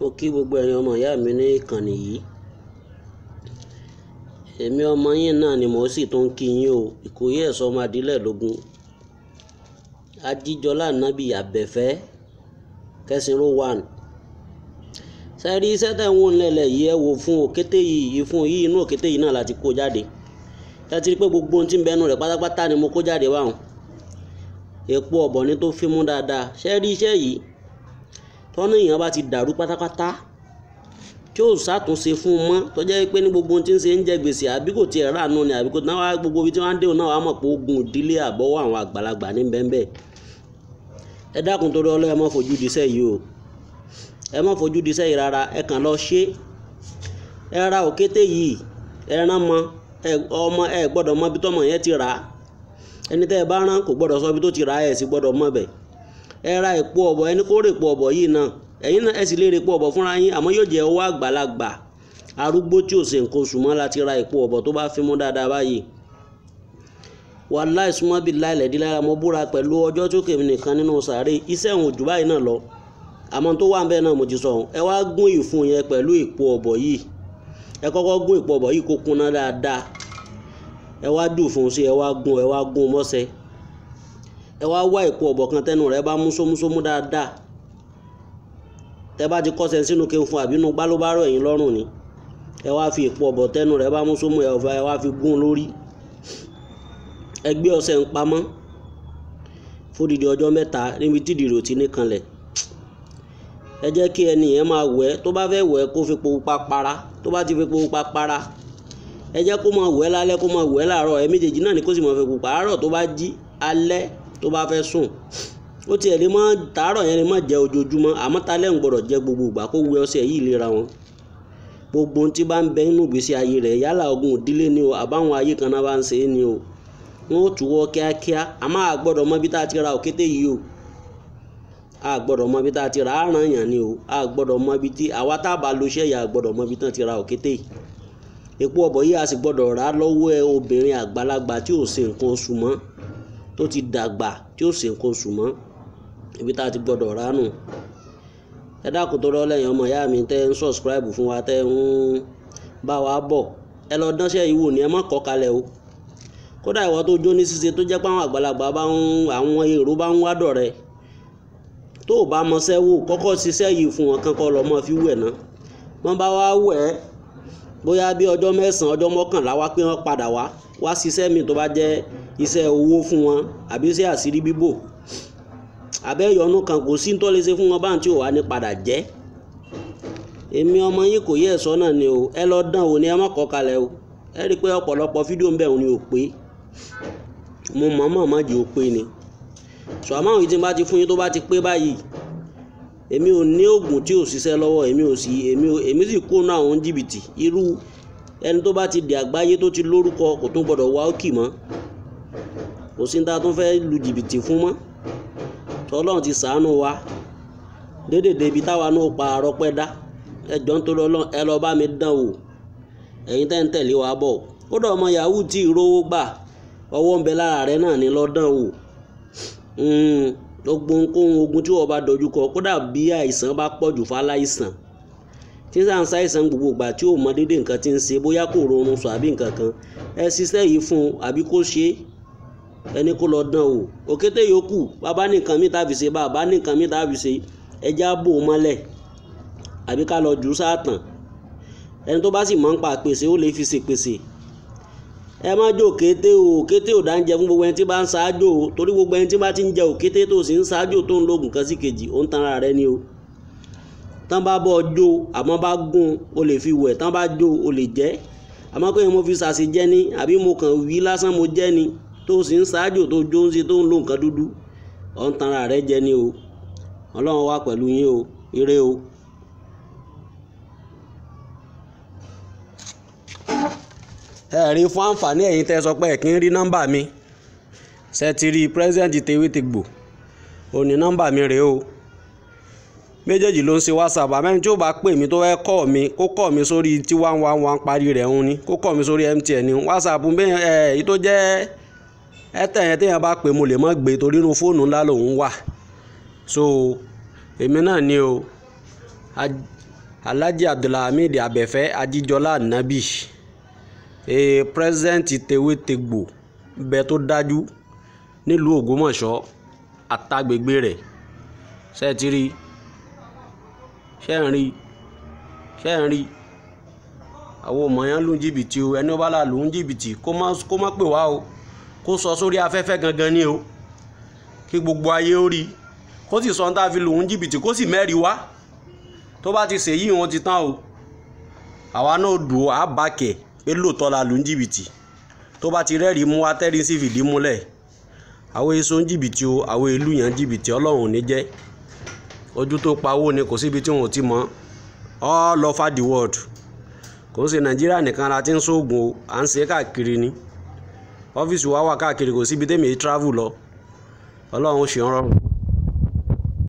mo kí gbogbo ẹ̀yin ọmọ ìyá mi ní ìkànnì yìí èmi ọmọ yín náà ni mo sì tún kí yín o ìkòyí ẹ̀sọ́ ọmọ adílẹ̀ lógún ajíjọlá nábì àbẹ̀fẹ́ kẹsìnrú one sẹ́rí iṣẹ́ tẹ̀ ń wò nílẹ̀ yìí ẹ wò fún òkété yìí fún yìí inú òkété yìí náà láti kó jáde láti pé gbogbo ohun tí ń bẹnu rẹ̀ pátápátá ni mo kó jáde Epo èpo ọ̀bọ̀ni tó fi mú dáadáa sẹ́rí iṣẹ́ yìí tọ́nà èèyàn bá ti dàrú pátápátá tí ó ṣàtúnṣe fún un mọ́ tó jẹ́ pé ní gbogbo ohun tí ń ṣe ń jẹ gbèsè àbí kò tiẹ̀ ráàánú ni àbí kò náà wá gbogbo ibi tí wọ́n á dẹ̀wọ̀n náà wàá mọ̀ pé ogun ìdílé àbọ̀wọ̀ àwọn àgbàlagbà ní bẹ́ńbẹ́ ẹ dákun torí ọlọ́ ẹ má fojú diṣẹ́ yìí o ẹ má fojú diṣẹ́ yìí rárá ẹ kàn lọ ṣe ẹ ra òkété yìí ẹ rán mọ ọmọ ẹ gbọ́dọ̀ mọ ibi tọ́mọ yẹn ti rà á ẹni tẹ́ ẹ bá rán kò gbọ́dọ̀ sọ ibi tó ti rà ẹ̀ sì gbọ́dọ̀ mọ bẹ́ẹ̀ ẹ ra èpo ọ̀bọ̀ ẹni kó rèpo ọ̀bọ̀ yìí náà ẹ̀yin náà ẹ sì lè rèpo ọ̀bọ̀ fúnra yín àmọ́ yóò jẹ́ owó àgbàlagbà arúgbó tí ò ṣe nǹkan oṣù mọ́ láti ra èpo ọ̀bọ̀ tó bá fi mú dáadáa báyìí wàláì súnmọ́ bíi láìlẹ̀ dí lára mo búra pẹ̀lú ọjọ́ tí ó kèmí nìkan nínú sàárè iṣẹ́ òun jù báyìí náà lọ àmọ́ tó wà ń bẹ́ẹ̀ náà mo ti sọ ẹ ẹ wá wá èpo ọ̀bọ̀ kan tẹnu rẹ̀ bá mú sómúsómú dáadáa tẹ bá ti kọ́sẹ̀ sínú kí n fún àbínú gbálóbárò ẹ̀yìn lọ́rùn ni ẹ wá fi èpo ọ̀bọ̀ tẹnu rẹ̀ bá mú sómú ẹ̀ ọ̀fà ẹ wá fi gún lórí ẹ gbé ọṣẹ ń pamọ́ fódìdí ọjọ́ mẹ́ta níbi tí ìdìrò ti ní kanlẹ̀ ẹ jẹ́ kí ẹni yẹn máa wẹ̀ tó bá fẹ́ wẹ̀ kó fi po pupa para tó bá ti fi po pupa para ẹ jẹ́ kó máa wẹ̀ lálẹ́ kó máa wẹ̀ láàárọ̀ ẹ méjèèjì náà ni kó sì máa fi pupa àárọ̀ tó bá jí alẹ́ tó bá fẹ́ sùn ó tiẹ̀ lè mọ́ tàárọ̀ yẹn lè mọ́ jẹ ojoojúmọ́ àmọ́ talẹ́ ń gbọ́dọ̀ jẹ gbogbo ìgbà kó wẹ ọṣẹ yìí lera wọn gbogbo ohun tí bá ń bẹ nínú ìgbésí ayé rẹ̀ yálà ogun ìdílé ni o àbáwọn ayé kan náà bá ń ṣe é ni o wọn ò túwọ́ kíákíá àmọ́ a gbọ́dọ̀ mọ ibi tá a ti ra òkété yìí o a gbọ́dọ̀ mọ ibi tá a ti ra àràn yàn ni o a gbọ́dọ̀ mọ ibi tí àwa tá a bá lo iṣẹ́ yà a gbọ́dọ̀ mọ ibi tá a ti ra òkété yìí epo ọ̀bọ̀ yìí a sì gbọ́dọ̀ rà lọ́wọ́ obìnrin àgbàlagbà tí ò ṣe nǹkan oṣù mọ́ tó ti dàgbà tí ó sì ń kó sùn ibi tá a ti gbọ́dọ̀ ránù ẹ dákun tó rọ́lẹ̀ yẹn ọmọ ìyá mi tẹ́ ń sọ̀sìkíráìbù fún wa tẹ́ ń bá wa bọ̀ ẹ lọ dánṣẹ́ yìí ni ẹ má kọ́ kalẹ̀ o kódà ìwọ tó jó ní ṣíṣe tó jẹ́ pé àwọn àgbàlagbà bá ń àwọn èrò bá ń wádọ̀ rẹ tó o bá mọṣẹ́ wò kọ́kọ́ ṣiṣẹ́ yìí fún wọn kankan lọ́mọ fi wẹ̀ ná wọ́n bá wá wẹ̀ bóyá bí ọjọ́ mẹ́sàn-án ọjọ́ mọ́kànlá wá pé wọ́n padà wá wá ṣiṣẹ́ mi tó bá jẹ́ iṣẹ́ owó fún wọn àbí iṣẹ́ àṣírí bíbò abẹ́yọnú kan kò sí tó lè ṣe fún wọn báwọn tí ò wá ní padà jẹ́ èmi ọmọ yín kò yẹ ẹ̀sọ́ náà ni o ẹ lọ dán o ní ẹ má kọ́ kalẹ̀ o ẹ rí i pé ọ̀pọ̀lọpọ̀ fídíò ń bẹ̀ òun ni ò pé mo mọ̀ mọ̀ má jẹ́ ò pé ni sọ àmọ́ àwọn ìdíje bá ti fún yín tó bá ti pé báyìí èmi ò ní oògùn tí ò ṣiṣẹ́ lọ́wọ́ èmi ò sì èmi sì kó náà òun jìbìtì irú ẹni tó bá ti di àgbáyé tó ti lórúkọ kò tún gbọdọ̀ wá òkì mọ́ kò sí ta tún fẹ́ẹ́ lu jìbìtì fún mọ́ tọ́lọ́run ti ṣàánú wa dédèdè ibi táwa náà pa àrọ́pẹ́ dá ẹjọ́ ń torí ọlọ́run ẹ lọ́ọ́ bá mi dán o ẹ̀yin tẹ́ ń tẹ̀lé wa bọ̀ kódà ọmọ yahoo tí ìrówó gbà ọwọ́ ń bẹ lára rẹ náà ní lọ́dán o hmm, gbogbo ohunkóhun ogun tí wọ́n bá dojú kọ kódà bí àìsàn bá pọ̀jù fáláìsàn tí sàn ṣàìsàn gbogbo ìgbà tí ò mọ dédé nǹkan tí ń ṣe bóyá kò rọrùn sùn àbí nǹkan kan ẹ ṣiṣẹ́ yìí fún un àbí kó ṣe é ẹni kó lọ dán o òkété yòókù bàbá nìkan mi tàbí ṣe bàbá nìkan mi tàbí ṣe ẹjẹ́ àbò mọ́lẹ̀ àbí ká lọ jù sáàtàn ẹni tó bá sì mọ̀ ń pa pèsè ó lè fi ṣe pèsè ẹ má jẹ òkété o òkété ò dáńjẹ fún gbogbo ẹni tí bá ń ṣáájò o torí gbogbo ẹni tí bá ti ń jẹ òkété tó sì ń ṣáájò tó ń lo oògùn kan sí kejì ó ń tanra rẹ ni o tán bá bọ́ jó àmọ́ bá gùn o lè fi wẹ̀ tán bá jó o lè jẹ́ àmọ́ pé mo fi sàṣì jẹ́ ni àbí mo kàn wí lásán mo jẹ́ ni tó sì ń ṣáájò tó jó ń ṣe tó ń lo nǹkan dúdú ọ̀ ń tanra rẹ̀ jẹ ni o ọlọ́run wà pẹ̀lú yín o ire o. ẹ̀rí fún àǹfààní ẹ̀yin tẹ́ sọ pé ẹ̀kí ń rí nọ́mbà mi ṣe ti rí president tewé ti gbò òní nọ́mbà mi rèé o méjèèjì ló ń ṣe whatsapp àmẹ́ni tí ó bá pè mí tó fẹ́ kọ́ mi kó kọ́ mi sórí tí one one one parí rẹ̀ ń ni kó kọ́ mi sórí mtn ni whatsapp bẹ́ẹ̀ ẹ̀ èyí tó jẹ́ airtel yẹn téèyàn bá pè mo lè mọ́ gbé torí inú fóònù ńlá lòún wà so èmi náà ni o alhaji abdulhamid abẹ́fẹ́ ajíjọlá nabi ee president tewétegbò bẹ́ẹ̀ tó dájú nílùú ògbómọ̀ṣọ́ àtàgbègbè rẹ̀ ṣe é ti rí i ṣé ń rí ṣé ń rí àwọn ọmọ yẹn ló ń jìbìtì o ẹni ó bá là ló ń jìbìtì kó má kó má pè wá o kó sọ sórí afẹ́fẹ́ gangan ni o kí gbogbo ayé ó rí kó sì sọ ń tá a fi lòun jìbìtì kó sì mẹ́rìí wá tó bá ti ṣèyí wọn ti tán o àwa náà dùn á bá kẹ̀ pé lóòótọ́ la lù jìbìtì tó bá ti rẹ́rìí mú wa sí fìdí múlẹ̀ àwọn èso jìbìtì o àwọn ìlú yẹn jìbìtì ọlọ́run ò ní jẹ́ ojú tó pawó ni kò síbi tí wọn ò ti mọ̀ all over the world kò ń ṣe nàìjíríà nìkan la ti ń ṣoògùn o à ń ṣe káàkiri ni ọ́fíìsì wa wà káàkiri kò síbi tẹ́mi travel lọ ọlọ́run ó ṣe ń rọrùn.